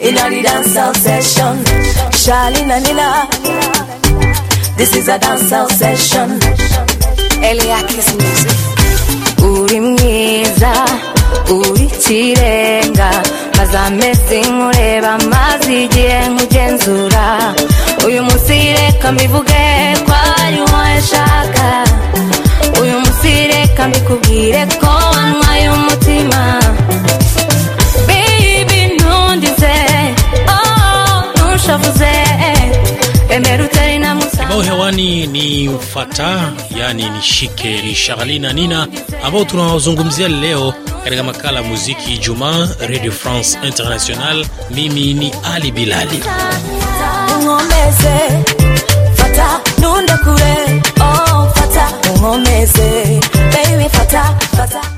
in a the dancehall session. Charlene and Nina, this is a dancehall session. Eliakis music. Uri mwiza, uri kirenga, maze amezi nkureba, maze igihe nkugenzura. Uyu munsi reka burudani nishike ni Sharli na Nina ambao tunawazungumzia leo katika makala muziki Jumaa Radio France International. Mimi ni Ali Bilali.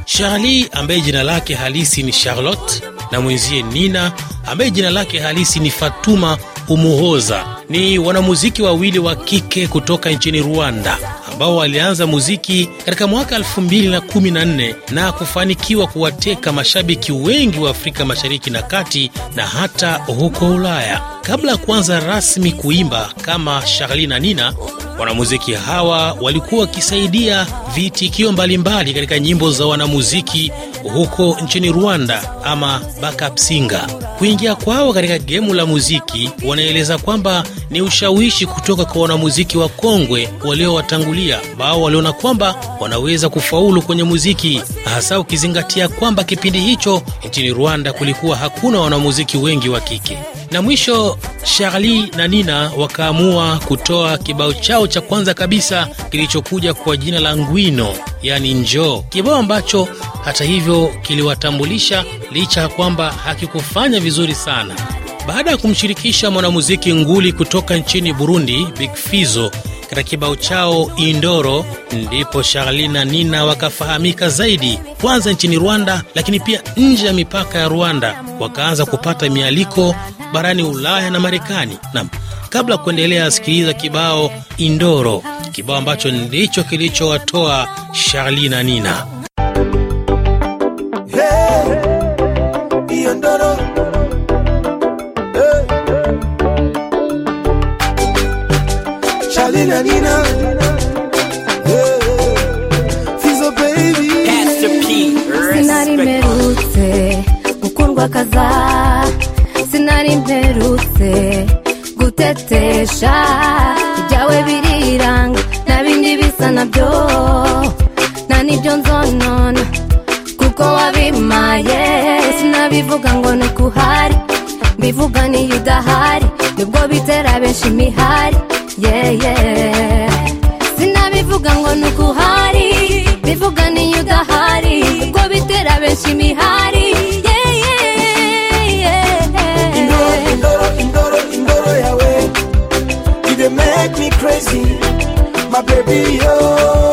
Sharli oh, ambaye jina lake halisi ni Charlotte na mwenzie Nina ambaye jina lake halisi ni Fatuma Umuhoza ni wanamuziki wawili wa kike kutoka nchini Rwanda ambao walianza muziki katika mwaka 2014 na, na kufanikiwa kuwateka mashabiki wengi wa Afrika Mashariki na Kati na hata huko Ulaya. Kabla ya kuanza rasmi kuimba kama Sharli na Nina, wanamuziki hawa walikuwa wakisaidia viitikio mbalimbali katika nyimbo za wanamuziki huko nchini Rwanda ama backup singer. Kuingia kwao katika gemu la muziki, wanaeleza kwamba ni ushawishi kutoka kwa wanamuziki wa kongwe waliowatangulia, ambao waliona kwamba wanaweza kufaulu kwenye muziki, hasa ukizingatia kwamba kipindi hicho nchini Rwanda kulikuwa hakuna wanamuziki wengi wa kike. Na mwisho Charlie na Nina wakaamua kutoa kibao chao cha kwanza kabisa kilichokuja kwa jina la Ngwino, yani njoo, kibao ambacho hata hivyo kiliwatambulisha licha ya kwamba hakikufanya vizuri sana. Baada ya kumshirikisha mwanamuziki nguli kutoka nchini Burundi, Big Fizo katika kibao chao Indoro, ndipo Charlie na Nina wakafahamika zaidi, kwanza nchini Rwanda, lakini pia nje ya mipaka ya Rwanda, wakaanza kupata mialiko barani Ulaya na Marekani. nam kabla ya kuendelea, sikiliza kibao Indoro, kibao ambacho ndicho kilichowatoa Sharli na Nina. Hey, hey, ukoresha ibyawe biriranga nta bindi bisa nabyo na n'ibyo nzonona kuko wabimaye sinabivuga ngo ni kuhari mbivuga niyo udahari nibwo bitera benshi imihari yeye sinabivuga ngo ni ukuhari mbivuga niyo udahari nibwo bitera benshi imihari my baby, oh.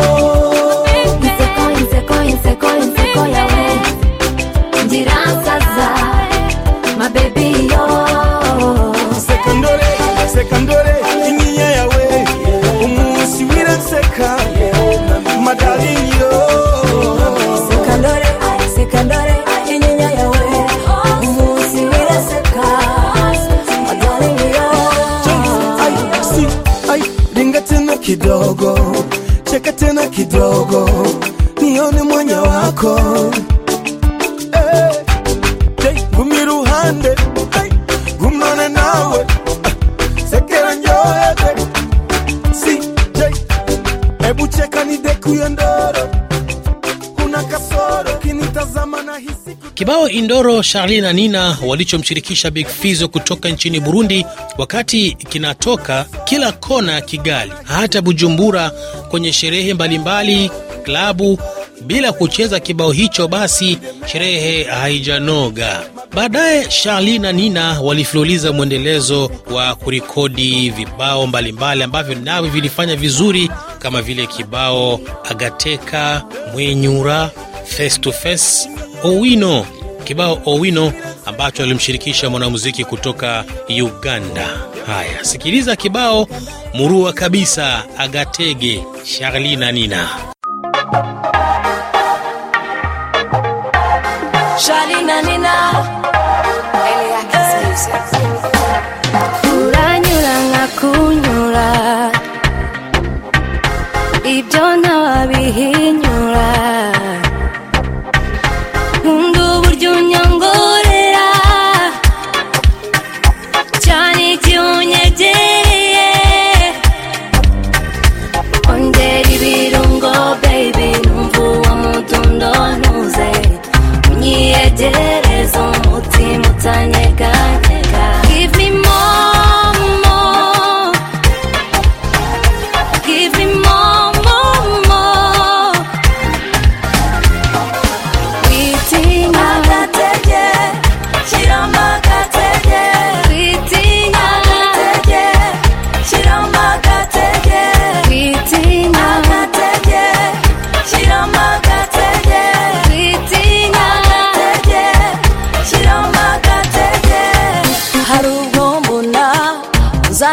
kidogo, cheka tena kidogo. Kibao Indoro Charli na Nina walichomshirikisha Big Fizo kutoka nchini Burundi, wakati kinatoka kila kona ya Kigali hata Bujumbura, kwenye sherehe mbalimbali klabu bila kucheza kibao hicho basi sherehe haijanoga. Baadaye Charli na Nina walifululiza mwendelezo wa kurekodi vibao mbalimbali ambavyo navyo vilifanya vizuri kama vile kibao Agateka, Mwenyura, Face to Face Owino, kibao Owino ambacho alimshirikisha mwanamuziki kutoka Uganda. Haya, sikiliza kibao murua kabisa, Agatege Sharlina Nina Sharlina Nina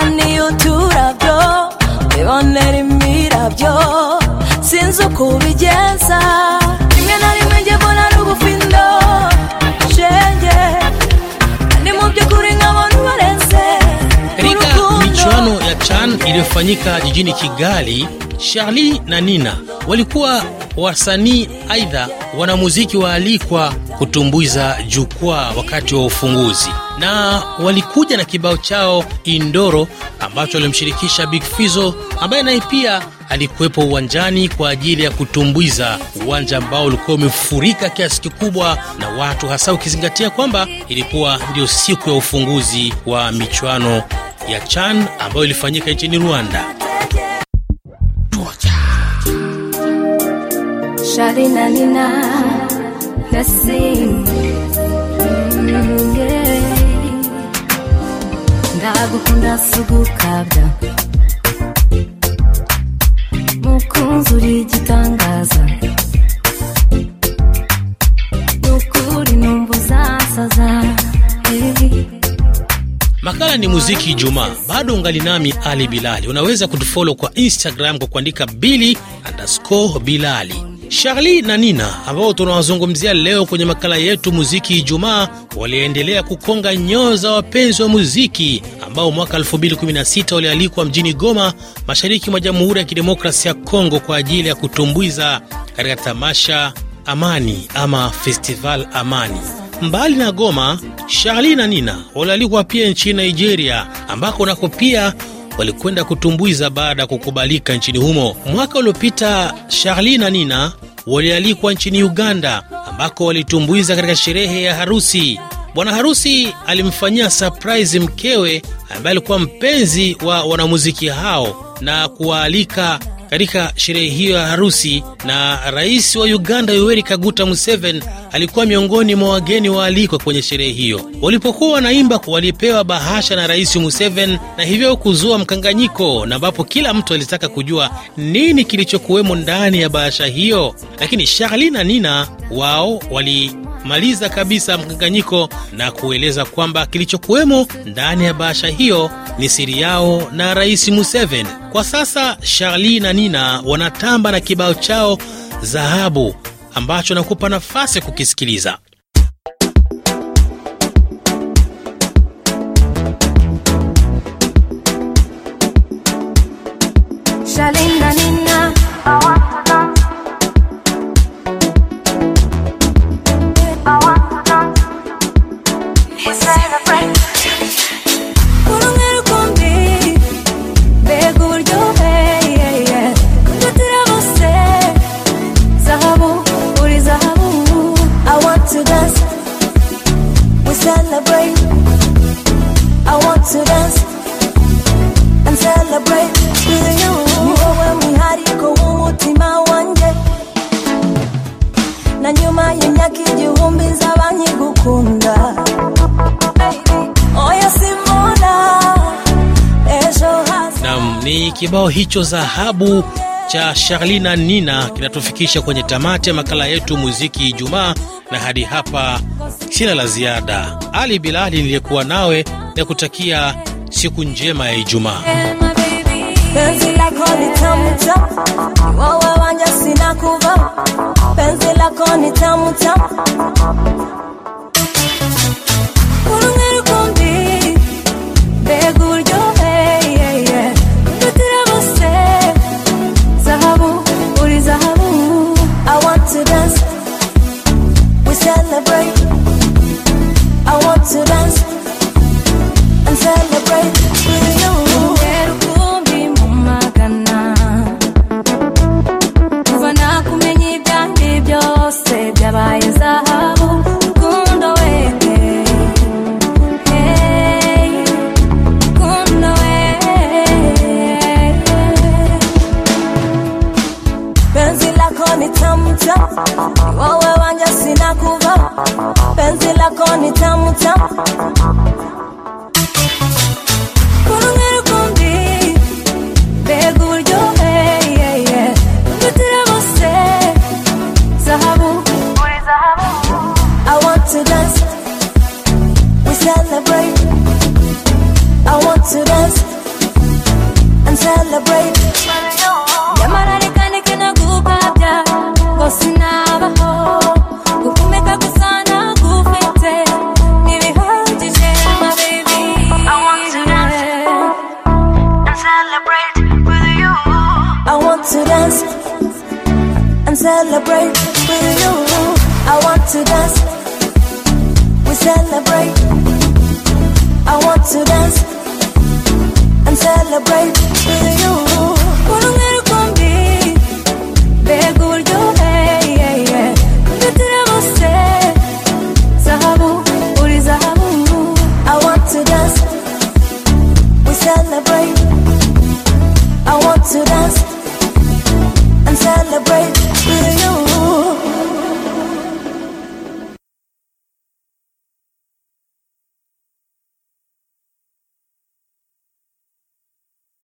kandi n'iyo uturabyo ibonera imirabyo sinzi uko ubigenza rimwe na rimwe njye mbona ari ubufindo ni mu by'ukuri nkabona ubarenze michuano ya CHAN iliyofanyika jijini Kigali, Charli na Nina walikuwa wasanii aidha wanamuziki waalikwa kutumbuiza jukwaa wakati wa ufunguzi na walikuja na kibao chao Indoro ambacho walimshirikisha Big Fizzo ambaye naye pia alikuwepo uwanjani kwa ajili ya kutumbuiza, uwanja ambao ulikuwa umefurika kiasi kikubwa na watu, hasa ukizingatia kwamba ilikuwa ndio siku ya ufunguzi wa michuano ya CHAN ambayo ilifanyika nchini Rwanda. na nina, nagukunda sugu kabda mukunzi uri igitangaza nukuri numva uzasaza Makala ni muziki juma Bado ungali nami Ali Bilali. Unaweza kutufollow kwa Instagram kwa kuandika bili underscore bilali Charli na Nina ambao tunawazungumzia leo kwenye makala yetu muziki Ijumaa, waliendelea kukonga nyoyo za wapenzi wa muziki ambao mwaka 2016 walialikwa mjini Goma, mashariki mwa Jamhuri ya Kidemokrasia ya Kongo kwa ajili ya kutumbuiza katika tamasha Amani ama Festival Amani. Mbali na Goma, Charli na Nina walialikwa pia nchini Nigeria ambako nako pia walikwenda kutumbuiza baada ya kukubalika nchini humo. Mwaka uliopita Charli na Nina walialikwa nchini Uganda ambako walitumbuiza katika sherehe ya harusi. Bwana harusi alimfanyia surprise mkewe ambaye alikuwa mpenzi wa wanamuziki hao na kuwaalika katika sherehe hiyo ya harusi, na rais wa Uganda Yoweri Kaguta Museveni alikuwa miongoni mwa wageni waalikwa kwenye sherehe hiyo. Walipokuwa wanaimba, walipewa bahasha na rais Museveni na hivyo kuzua mkanganyiko, na ambapo kila mtu alitaka kujua nini kilichokuwemo ndani ya bahasha hiyo, lakini Charli na Nina wao wali kumaliza kabisa mkanganyiko na kueleza kwamba kilichokuwemo ndani ya bahasha hiyo ni siri yao na Rais Museveni. Kwa sasa sharli na Nina wanatamba na kibao chao Dhahabu ambacho nakupa nafasi ya kukisikiliza. Shalinda. nyuma y'imyaka igihumbi nam ni kibao hicho dhahabu cha Charlina Nina kinatufikisha kwenye tamati ya makala yetu muziki Ijumaa, na hadi hapa sina la ziada. Ali Bilali niliyekuwa nawe na kutakia siku njema ya Ijumaa. penzi lako ni tamu tamu, wewe wanja sina kuvaa, penzi lako ni tamu tamu I want to dance. We celebrate. to dance and celebrate. kusana kufete baby. I want to dance and celebrate with you. I want to dance and celebrate with you. I want to dance. We celebrate. I want to dance celebrate with you.